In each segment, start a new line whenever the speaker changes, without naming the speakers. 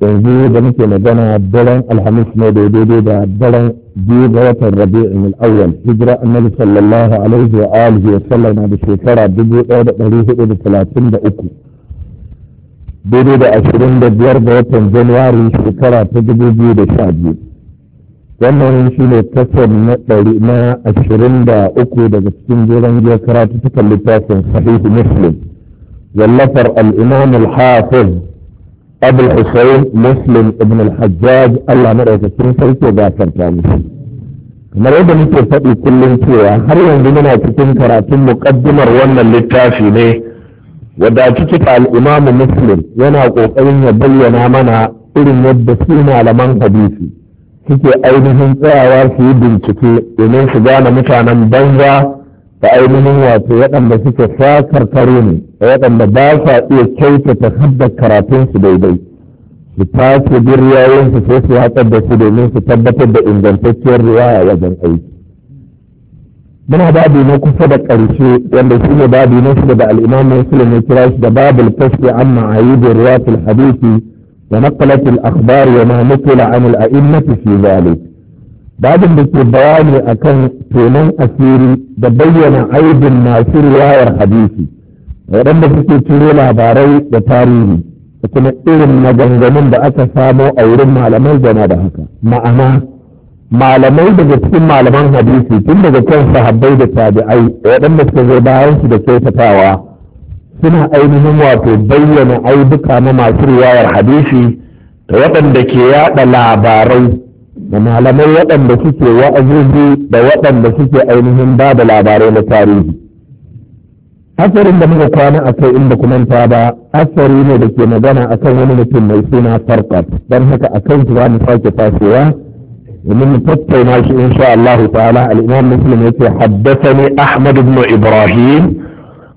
yanzu da muke magana daren alhamis ne daidai da daren biyu ga watan rabi'in al'awwal hijira annabi sallallahu alaihi wa alihi wa sallam na da shekara dubu ɗaya da ɗari hudu da talatin da uku daidai da ashirin da biyar ga watan januwari shekara ta dubu biyu da sha biyu wannan shi ne kasan na ɗari na ashirin da uku daga cikin jeren jiya karatu tukan littafin sahihu muslim wallafar al'imam al-hafiz abul husayn muslim ibn al-hajjaj Allah sun sarki ya gafarta musu kamar yadda muke faɗi kullum cewa har yanzu muna cikin karatun muƙaddimar wannan littafi ne wadda al al'imamu muslim yana ƙoƙarin ya bayyana mana irin yadda su malaman hadisi suke ainihin tsayawa su yi bincike domin su gane mutanen banza da ainihin wato waɗanda suke sakar kare ne da waɗanda ba sa iya kyautata haddar karatunsu daidai su tace bin riwayoyinsu sai su watsar da su domin su tabbatar da ingantacciyar riwaya wajen aiki muna babu na kusa da ƙarshe wanda shi ne babu na shida da al'imam muslim ya kira shi da babul kashfi an ma'ayibin riwayatul hadisi wa naqalatul akhbar wa ma nukula an al'a'immatu fi zalik babin da ke bayani akan tonon asiri da bayyana aibin masu riwayar hadisi waɗanda suke ciro labarai da tarihi da kuma irin maganganun da aka samo a wurin malamai gana da haka ma'ana malamai daga cikin malaman hadisi tun daga kan sahabbai da tabi'ai waɗanda suka zo bayan su da kyautatawa suna ainihin wato bayyana aibuka na masu riwayar hadisi da waɗanda ke yaɗa labarai da malamai waɗanda suke wa'azuzi da waɗanda suke ainihin ba da labarai na tarihi asarin da muka kwana a kai inda kuma ta ba asari ne da ke magana a kan wani mutum mai suna farkat don haka a kan su za mu sake fasewa domin mu tattauna shi insha Allah ta'ala al-Imam Muslim yace haddathani Ahmad ibn Ibrahim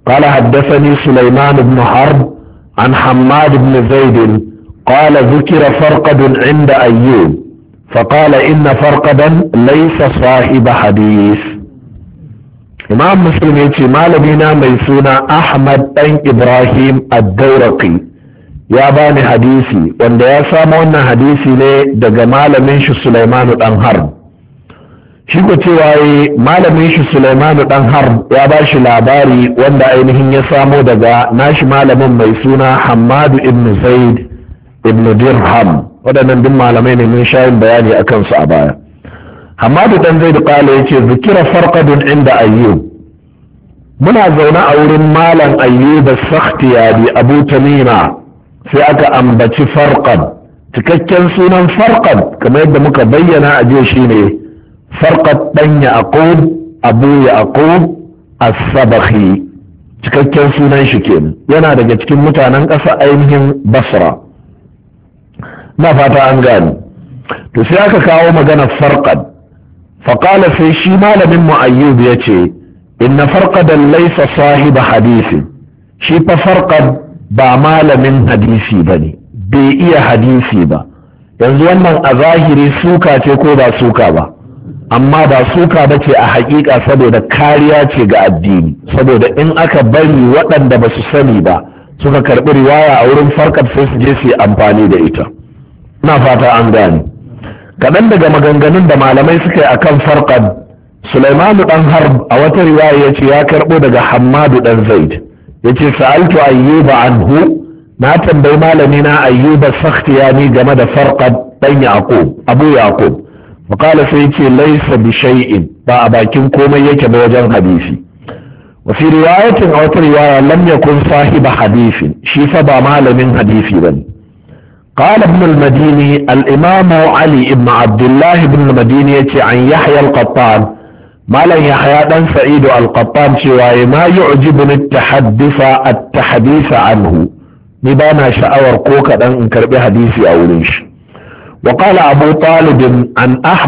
قال حدثني سليمان بن حرب عن حماد بن زيد قال ذكر فرقد عند أيوب فقال إن فرقدا ليس صاحب حديث imam muslim ya ce malamina mai suna ahmad ɗan ibrahim addauraki ya bani hadisi wanda ya samo wannan hadisi ne daga malamin shi sulaimanu dan har shi cewa yi malamin shi sulaimanu dan har ya ba shi labari wanda ainihin ya samo daga nashi malamin mai suna hamadu ibn zaid ibn dirham waɗannan duk malamai ne mun shayin bayani a kansu a baya hamadu dan zai kala ya ce zikira farkadun inda ayyub muna zaune a wurin malam ayyub sakhtiyari abu tamima sai aka ambaci farkad cikakken sunan farkad kamar yadda muka bayyana a jiya shine farkad dan yaqub abu yaqub as-sabahi cikakken sunan shi kenan yana daga cikin mutanen ƙasa ainihin basra na fata an gani to sai aka kawo magana farqad faƙala sai shi malamin mu ayyub ya ce inna farqadan laisa sahiba hadisi shi fa farƙar ba malamin hadisi ne, bai iya hadisi ba yanzu wannan a zahiri suka ce ko ba suka ba amma ba suka ba ce a haƙiƙa saboda kariya ce ga addini saboda in aka bari waɗanda ba su sani ba suka karɓi riwaya a wurin farƙar sai su je su yi amfani da ita na fata an gane kaɗan daga maganganun da malamai suke a kan farkad sulaimanu ɗan harb a wata riwaya ya ce ya karɓo daga hammadu ɗan zaid ya ce sa'altu ayyuba anhu na tambayi malami na ayyuba sakhtiyani game da farkad dan yaqub abu yaqub faqala sai ce laysa bi ba a bakin komai yake ba wajen hadisi wasi riwayatin a wata riwaya lam yakun sahiba hadisi, shi fa ba malamin hadisi bane قال ابن المديني الإمام علي بن عبد الله بن المديني عن يحيى القطان مالا يحيى بن سعيد القطان شواي ما يعجبني التحدث التحديث عنه نبانا شاور كوكا ان كربي حديثي أوليش وقال أبو طالب عن أحمد